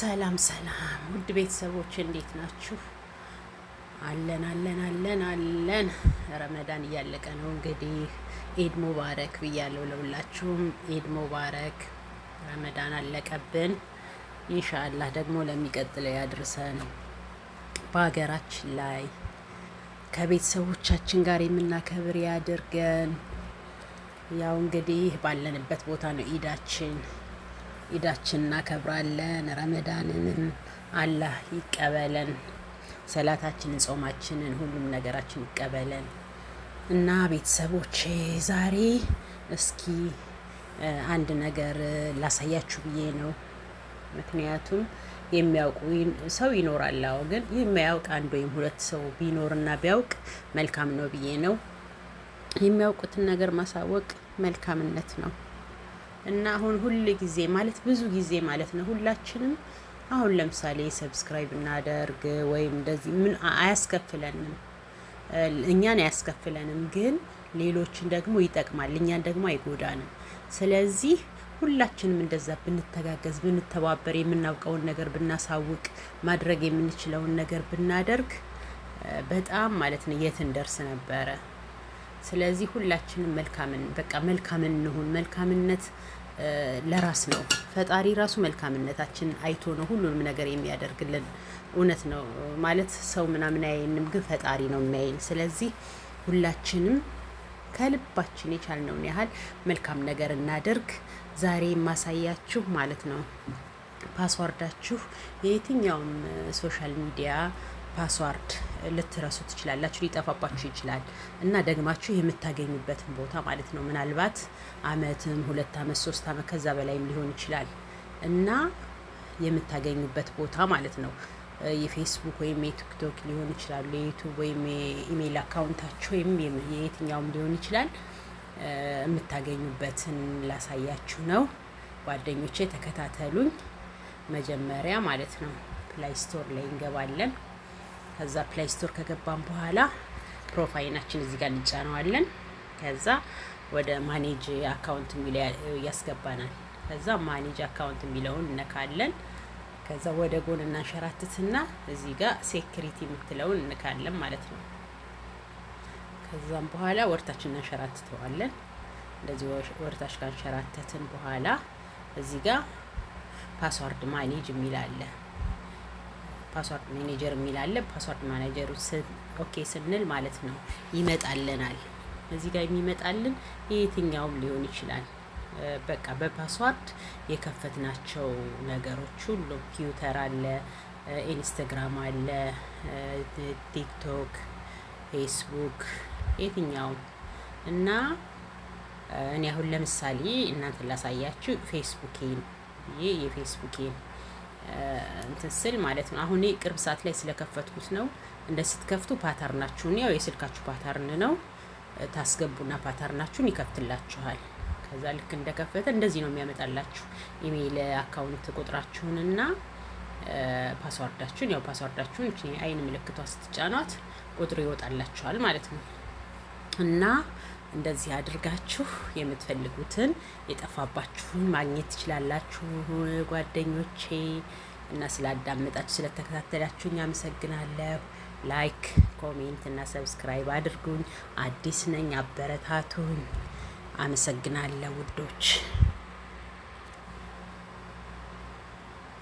ሰላም ሰላም ውድ ቤተሰቦች እንዴት ናችሁ? አለን አለን አለን አለን። ረመዳን እያለቀ ነው እንግዲህ ኢድ ሙባረክ ብያለሁ ለሁላችሁም። ኢድ ሙባረክ። ረመዳን አለቀብን። ኢንሻአላህ ደግሞ ለሚቀጥለው ያድርሰን። በሀገራችን ላይ ከቤተሰቦቻችን ጋር የምናከብር ያድርገን። ያው እንግዲህ ባለንበት ቦታ ነው ኢዳችን ኢዳችን እናከብራለን። ረመዳንንም አላህ ይቀበለን። ሰላታችንን፣ ጾማችንን፣ ሁሉም ነገራችን ይቀበለን እና ቤተሰቦቼ ዛሬ እስኪ አንድ ነገር ላሳያችሁ ብዬ ነው። ምክንያቱም የሚያውቁ ሰው ይኖራል። አዎ፣ ግን የሚያውቅ አንድ ወይም ሁለት ሰው ቢኖርና ቢያውቅ መልካም ነው ብዬ ነው። የሚያውቁትን ነገር ማሳወቅ መልካምነት ነው። እና አሁን ሁል ጊዜ ማለት ብዙ ጊዜ ማለት ነው ሁላችንም አሁን ለምሳሌ ሰብስክራይብ እናደርግ ወይም እንደዚህ ምን አያስከፍለንም፣ እኛን አያስከፍለንም፣ ግን ሌሎችን ደግሞ ይጠቅማል፣ እኛን ደግሞ አይጎዳንም። ስለዚህ ሁላችንም እንደዛ ብንተጋገዝ ብንተባበር የምናውቀውን ነገር ብናሳውቅ ማድረግ የምንችለውን ነገር ብናደርግ በጣም ማለት ነው የት እንደርስ ነበረ። ስለዚህ ሁላችንም መልካምን በቃ መልካምን እንሁን። መልካምነት ለራስ ነው። ፈጣሪ ራሱ መልካምነታችን አይቶ ነው ሁሉንም ነገር የሚያደርግልን። እውነት ነው ማለት ሰው ምናምን አይንም ግን ፈጣሪ ነው የሚያይን ስለዚህ ሁላችንም ከልባችን የቻልነውን ያህል መልካም ነገር እናደርግ። ዛሬ የማሳያችሁ ማለት ነው ፓስዋርዳችሁ የየትኛውም ሶሻል ሚዲያ ፓስዋርድ ልትረሱ ትችላላችሁ፣ ሊጠፋባችሁ ይችላል እና ደግማችሁ የምታገኙበትን ቦታ ማለት ነው። ምናልባት አመትም ሁለት አመት ሶስት አመት ከዛ በላይም ሊሆን ይችላል እና የምታገኙበት ቦታ ማለት ነው። የፌስቡክ ወይም የቲክቶክ ሊሆን ይችላል፣ የዩቱብ ወይም የኢሜይል አካውንታችሁ ወይም የየትኛውም ሊሆን ይችላል። የምታገኙበትን ላሳያችሁ ነው ጓደኞቼ፣ ተከታተሉኝ። መጀመሪያ ማለት ነው ፕላይ ስቶር ላይ እንገባለን። ከዛ ፕላይ ስቶር ከገባን በኋላ ፕሮፋይላችን እዚህ ጋር እንጫነዋለን። ከዛ ወደ ማኔጅ አካውንት የሚል ያስገባናል። ከዛ ማኔጅ አካውንት የሚለውን እነካለን። ከዛ ወደ ጎን እናንሸራትትና እዚህ ጋር ሴኩሪቲ የምትለውን እንካለን ማለት ነው። ከዛም በኋላ ወርታችን እናንሸራትተዋለን። እንደዚህ ወርታች ካንሸራተትን በኋላ እዚህ ጋር ፓስዋርድ ማኔጅ የሚል አለ። ፓስዋርድ ማኔጀር የሚላለ ፓስዋርድ ማኔጀሩ ኦኬ ስንል ማለት ነው ይመጣልናል። እዚህ ጋር የሚመጣልን የትኛውም ሊሆን ይችላል። በቃ በፓስዋርድ የከፈትናቸው ነገሮች ሁሉ ቲዩተር አለ፣ ኢንስታግራም አለ፣ ቲክቶክ፣ ፌስቡክ የትኛውም እና እኔ አሁን ለምሳሌ እናንተ ላሳያችሁ ፌስቡኬን ይህ የፌስቡኬን እንትን ስል ማለት ነው። አሁን ቅርብ ሰዓት ላይ ስለከፈትኩት ነው። እንደ ስትከፍቱ ፓተርናችሁን ያው የስልካችሁ ፓተርን ነው ታስገቡና ፓተርናችሁን ይከፍትላችኋል። ከዛ ልክ እንደከፈተ እንደዚህ ነው የሚያመጣላችሁ ኢሜይል አካውንት ቁጥራችሁንና ፓስዋርዳችሁን ያው ፓስዋርዳችሁን አይን ምልክቷ ስትጫኗት ቁጥሩ ይወጣላችኋል ማለት ነው እና እንደዚህ አድርጋችሁ የምትፈልጉትን የጠፋባችሁን ማግኘት ትችላላችሁ። ጓደኞቼ እና ስላዳመጣችሁ ስለተከታተላችሁኝ አመሰግናለሁ። ላይክ፣ ኮሜንት እና ሰብስክራይብ አድርጉኝ። አዲስ ነኝ፣ አበረታቱኝ። አመሰግናለሁ ውዶች።